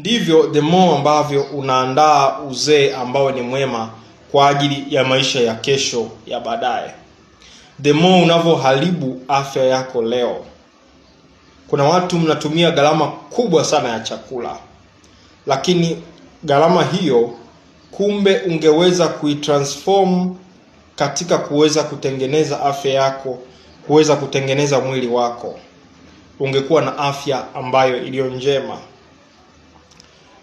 Ndivyo the more ambavyo unaandaa uzee ambao ni mwema kwa ajili ya maisha ya kesho ya baadaye, the more unavyoharibu afya yako leo. Kuna watu mnatumia gharama kubwa sana ya chakula, lakini gharama hiyo kumbe ungeweza kuitransform katika kuweza kutengeneza afya yako, kuweza kutengeneza mwili wako, ungekuwa na afya ambayo iliyo njema.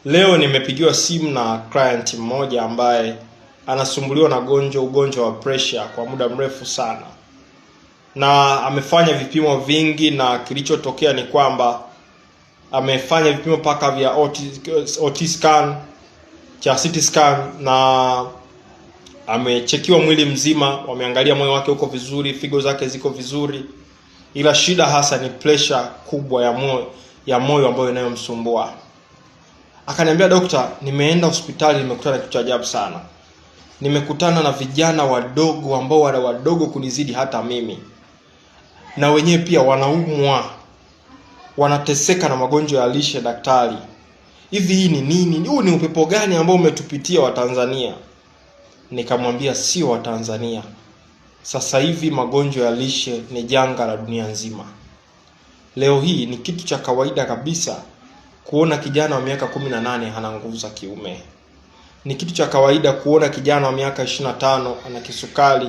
Leo nimepigiwa simu na client mmoja ambaye anasumbuliwa na gonjwa ugonjwa wa pressure kwa muda mrefu sana, na amefanya vipimo vingi, na kilichotokea ni kwamba amefanya vipimo mpaka vya OT, OT scan cha CT scan na amechekiwa mwili mzima, wameangalia moyo wake uko vizuri, figo zake ziko vizuri, ila shida hasa ni pressure kubwa ya moyo ya moyo ambayo inayomsumbua. Akaniambia, dokta, nimeenda hospitali nimekutana kitu cha ajabu sana. Nimekutana na vijana wadogo ambao wana wadogo kunizidi hata mimi, na wenyewe pia wanaumwa, wanateseka na magonjwa ya lishe. Daktari, hivi hii ni nini? Huu ni upepo gani ambao umetupitia Watanzania? Nikamwambia sio Watanzania, sasa hivi magonjwa ya lishe ni janga la dunia nzima. Leo hii ni kitu cha kawaida kabisa kuona kijana wa miaka 18 ana nguvu za kiume. Ni kitu cha kawaida kuona kijana wa miaka 25 ana kisukari,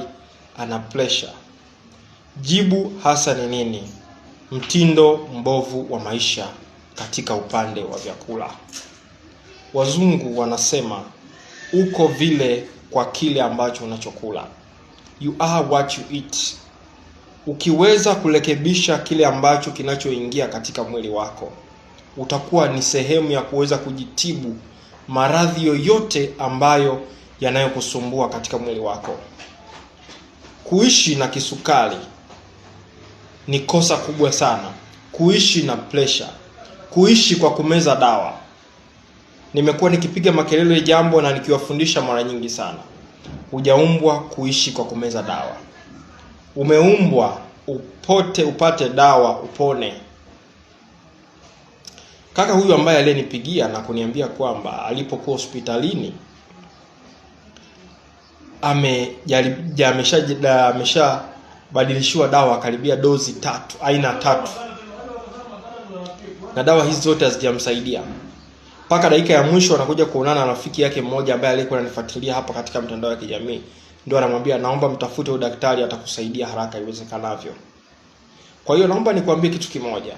ana presha. Jibu hasa ni nini? Mtindo mbovu wa maisha katika upande wa vyakula. Wazungu wanasema uko vile kwa kile ambacho unachokula, you are what you eat. Ukiweza kurekebisha kile ambacho kinachoingia katika mwili wako utakuwa ni sehemu ya kuweza kujitibu maradhi yoyote ambayo yanayokusumbua katika mwili wako. Kuishi na kisukari ni kosa kubwa sana. Kuishi na presha, kuishi kwa kumeza dawa. Nimekuwa nikipiga makelele jambo na nikiwafundisha mara nyingi sana. Hujaumbwa kuishi kwa kumeza dawa, umeumbwa upote upate dawa upone. Kaka huyu ambaye aliyenipigia na kuniambia kwamba alipokuwa hospitalini ameshabadilishiwa dawa karibia dozi tatu aina tatu, na dawa hizi zote hazijamsaidia mpaka dakika ya mwisho. Anakuja kuonana na rafiki yake mmoja ambaye alikuwa ananifuatilia hapa katika mtandao wa kijamii, ndio anamwambia, naomba mtafute huyo daktari, atakusaidia haraka iwezekanavyo. Kwa hiyo naomba nikwambie kitu kimoja.